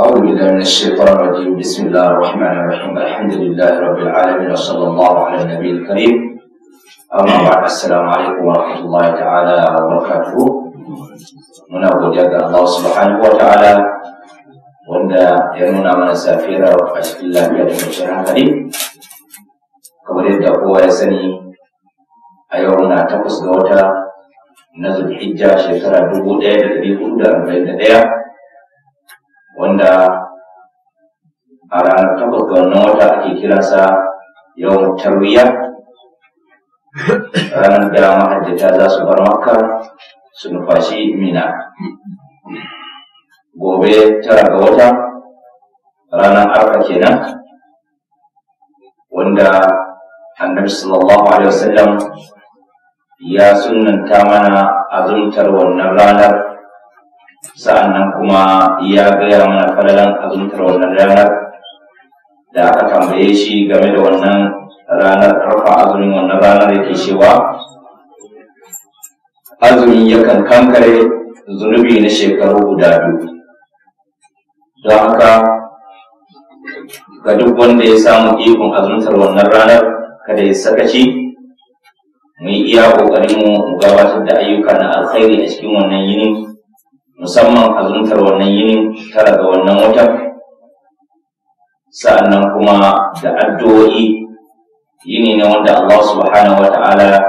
أعوذ بالله من الشيطان الرجيم بسم الله الرحمن الرحيم الحمد لله رب العالمين وصلى الله على النبي الكريم أما بعد السلام عليكم ورحمة الله تعالى وبركاته من أبو جاد الله سبحانه وتعالى wanda ya nuna mana safiyar a cikin lafiya da kwanciyar hankali kamar yadda kowa ya sani a yau na takwas ga wata na zulhijja shekara dubu ɗaya da ɗari hudu da arba'in da ɗaya wanda a ranar takwas ga wannan wata ake kiransa yawan tarwiya ranar da mahajjata za su bar makka su nufashi mina gobe tara ga wata ranar arfa kenan wanda annabi sallallahu alaihi wasallam ya sunanta mana azumtar wannan ranar sa'annan kuma ya gaya mana falalan azumtar wannan ranar da aka tambaye shi game da wannan ranar rafa azumin wannan ranar yake cewa azumi yakan kankare zunubi na shekaru guda biyu don haka ga duk wanda ya samu ikon azumtar wannan ranar kada ya sakaci mu yi iya ƙoƙarin mu gabatar da ayyuka na alkhairi a cikin wannan yini musamman azumtar wannan yinin tara ga wannan watan sa'annan kuma da addu'o'i yini ne wanda Allah subhanahu wa ta'ala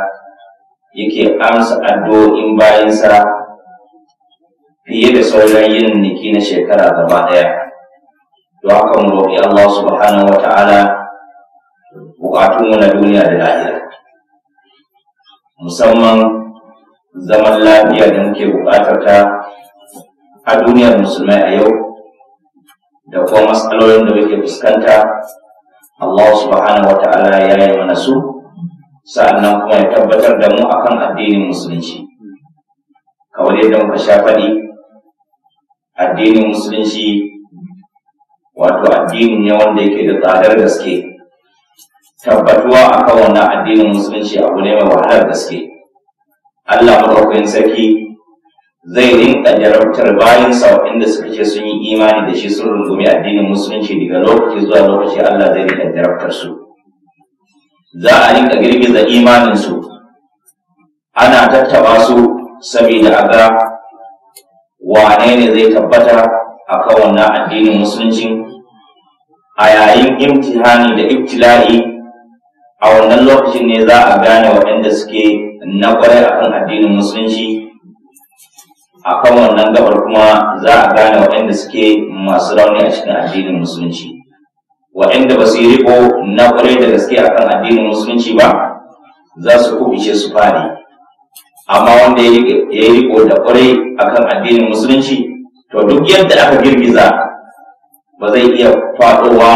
yake amsa addu'o'in bayansa fiye da sauran yin niki na shekara gaba ɗaya don haka mu roƙi Allah subhanahu wa ta'ala buƙatunmu na duniya da lahira musamman zaman lafiya da muke buƙatar ta a duniyar musulmai a yau da kuma matsalolin da muke fuskanta Allah subhanahu wa ta'ala ya yi mana su sa'annan kuma ya tabbatar da mu akan addinin musulunci kamar yadda muka sha faɗi addinin musulunci wato addini ne wanda yake da tsadar gaske tabbatuwa akan wannan addinin musulunci abu ne mai wahalar gaske Allah madaukakin sarki zai rinka jarabtar bayansa waɗanda suka ce sun yi imani da shi sun rungumi addinin musulunci daga lokaci zuwa lokaci Allah zai rinka jarabtar su za a rinka girgiza imaninsu ana tattaba su saboda a ga wane ne zai tabbata a kan wannan addinin musulunci a yayin imtihani da ibtila'i a wannan lokacin ne za a gane waɗanda suke na kwarai akan addinin musulunci a kan wannan gabar kuma za a gane waɗanda suke masu rauni a cikin addinin musulunci waɗanda ba su yi riko na ƙwarai da gaske a kan addinin musulunci ba za su kubice su fari. amma wanda ya yi riko da ƙwarai a kan addinin musulunci to duk yadda aka girgiza ba zai iya faɗowa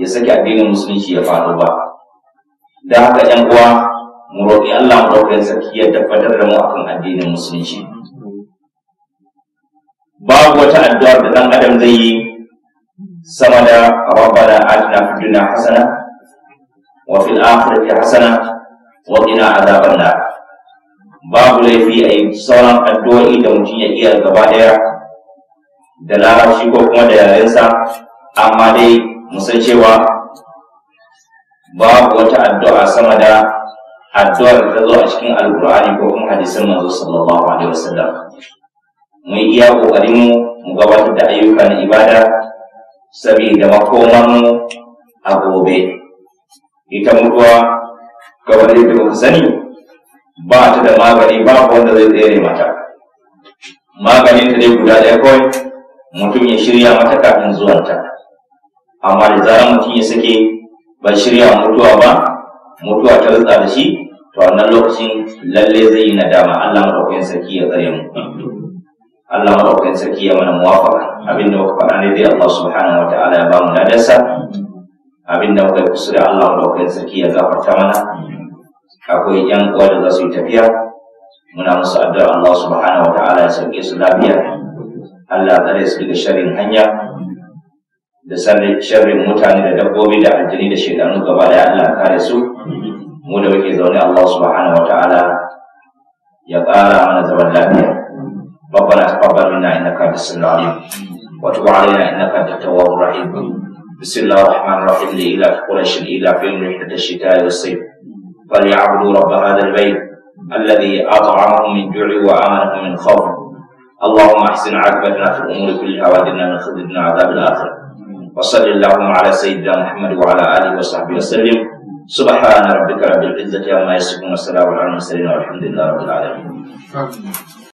ya sake addinin musulunci ya faɗo ba da haka 'yan uwa mu roƙi Allah mu roƙi sarki ya tabbatar da mu akan addinin musulunci babu wata addu'a da dan adam zai yi sama da rabbana atina fid dunya hasana wa fil akhirati hasana wa qina adhaban nar babu laifi a yi sauran addu'o'i da mutum ya iya gaba daya da larabci ko kuma da yarensa amma dai musan cewa babu wata addu'a sama da addu'ar da ta zo a cikin alkur'ani ko kuma hadisin manzo sallallahu alaihi wasallam Mai iya ƙoƙarinmu mu gabatar da ayyukan ibada saboda makoman mu a gobe ita mutuwa ga wanda yake ba sani ba ta da magani ba wanda zai tsere mata maganin ta dai guda ɗaya kawai mutum ya shirya mata kafin zuwanta amma da zarar mutum ya sake ba shirya mutuwa ba mutuwa ta rutsa da shi to wannan lokacin lalle zai yi nadama Allah madaukakin sarki ya tsare mu Allah maɗaukakin sarki ya mana muwafaka abinda muka faɗa ne dai Allah subhanahu wa ta'ala ya bamu ladarsa abinda muka yi kusuri Allah maɗaukakin sarki ya ta mana akwai yan uwa da zasu su yi tafiya muna musu addu'a Allah subhanahu wa ta'ala ya sauke su lafiya Allah tsare su daga sharrin hanya da sharrin mutane da dabbobi da aljini da shekaru gaba da Allah kare su mu da muke zaune Allah subhanahu wa ta'ala ya kara mana zaman lafiya ربنا تقبل منا انك انت السميع العليم وتب علينا انك انت التواب الرحيم بسم الله الرحمن الرحيم لإله قريش إلى في رحلة الشتاء والصيف فليعبدوا رب هذا البيت الذي أطعمهم من جوع وآمنهم من خوف اللهم أحسن عاقبتنا في الأمور كلها وأدنا من خذلنا عذاب الآخرة وصل اللهم على سيدنا محمد وعلى آله وصحبه وسلم سبحان ربك رب العزة عما يصفون والسلام على المرسلين والحمد لله رب العالمين